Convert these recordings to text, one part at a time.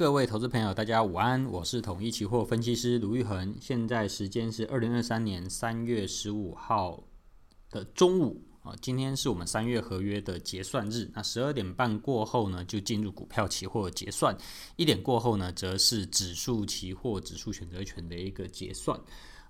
各位投資朋友，大家午安，我是統一期貨分析師盧昱衡。現在時間是二零二三年三月十五號的中午啊，今天是我們三月合約的結算日。那十二點半過後呢，就進入股票期貨結算；一點過後呢，則是指數期貨、指數選擇權的一個結算。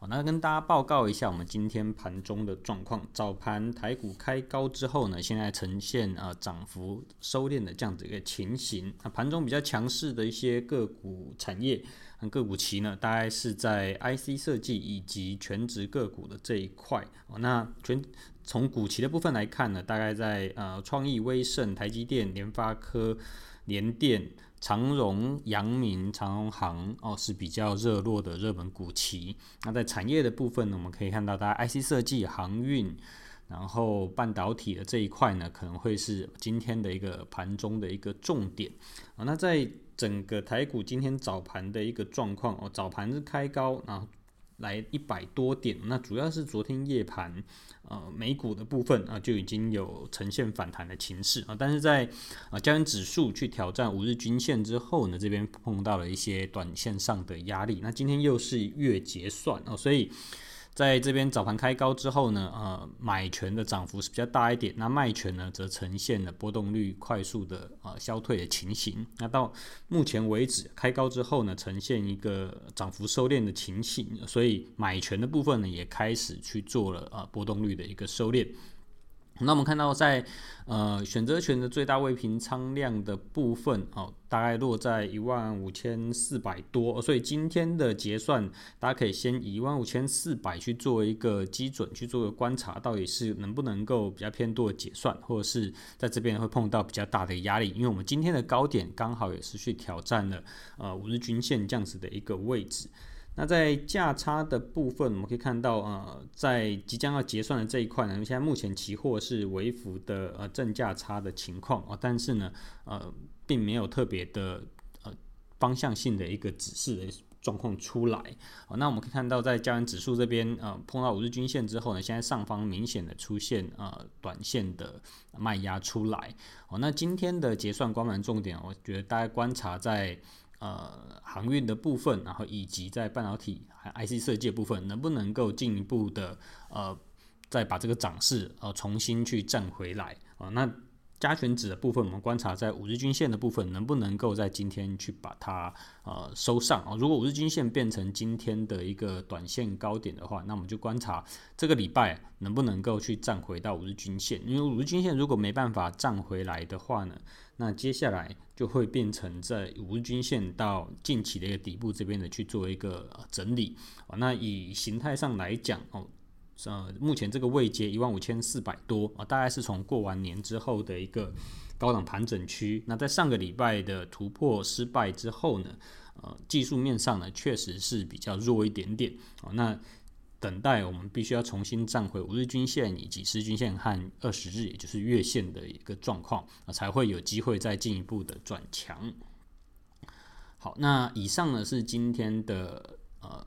好，那跟大家報告一下，我們今天盤中的狀況。早盤台股開高之後呢，現在呈現呃漲幅收斂的這樣子一個情形。啊，盤中比較強勢的一些個股產業、個股期呢，大概是在 IC 設計以及全職個股的這一塊。那全從股期的部分來看呢，大概在呃創意、威盛、台積電、聯發科、聯電。長榮、陽明、長榮航，哦是比較熱絡的熱門股期。那在產業的部分呢，我們可以看到它 IC 設計、航運，然後半導體的這一塊呢，可能會是今天的一個盤中的一個重點啊、哦。那在整個台股今天早盤的一個狀況哦，早盤是開高，然後來一百多點，那主要是昨天夜盤，呃，美股的部分啊就已經有呈現反彈的情勢啊，但是在啊，加權指數去挑戰五日均線之後呢，這邊碰到了一些短線上的壓力。那今天又是月結算哦、啊，所以。在這邊早盤開高之後呢，呃，買權的漲幅是比較大一點，那賣權呢則呈現了波動率快速的，呃，消退的情形。那到目前為止，開高之後呢，呈現一個漲幅收斂的情形，所以買權的部分呢也開始去做了啊，呃，波動率的一個收斂。那我們看到在，在呃選擇權的最大未平倉量的部分，哦，大概落在一萬五千四百多，所以今天的結算，大家可以先以一萬五千四百去做一個基準，去做一個觀察，到底是能不能夠比較偏多的結算，或者是在這邊會碰到比較大的壓力，因為我們今天的高點剛好也是去挑戰了呃五日均線這樣子的一個位置。那在價差的部分，我們可以看到，呃，在即將要結算的這一塊呢，現在目前期貨是微幅的呃正價差的情況啊、哦，但是呢，呃，並沒有特別的呃方向性的一個指示的狀況出來。好、哦，那我們可以看到，在加權指數這邊，呃，碰到五日均線之後呢，現在上方明顯的出現呃短線的賣壓出來。好、哦，那今天的結算觀盤重點，我覺得大家觀察在。呃，航運的部分，然後以及在半導體、IC 設計的部分，能不能夠進一步的呃，再把這個漲勢呃重新去站回來啊、呃？那。加權值的部分，我們觀察在五日均線的部分能不能夠在今天去把它呃收上啊、哦？如果五日均線變成今天的一個短線高點的話，那我們就觀察這個禮拜能不能夠去站回到五日均線。因為五日均線如果沒辦法站回來的話呢，那接下來就會變成在五日均線到近期的一個底部這邊的去做一個整理啊、哦。那以形態上來講哦。呃，目前這個位階一萬五千四百多啊，大概是從過完年之後的一個高檔盤整區。那在上個禮拜的突破失敗之後呢，呃，技術面上呢確實是比較弱一點點啊。那等待我們必須要重新站回五日均線以及十均線和二十日，也就是月線的一個狀況，才會有機會再進一步的轉強。好，那以上呢是今天的呃。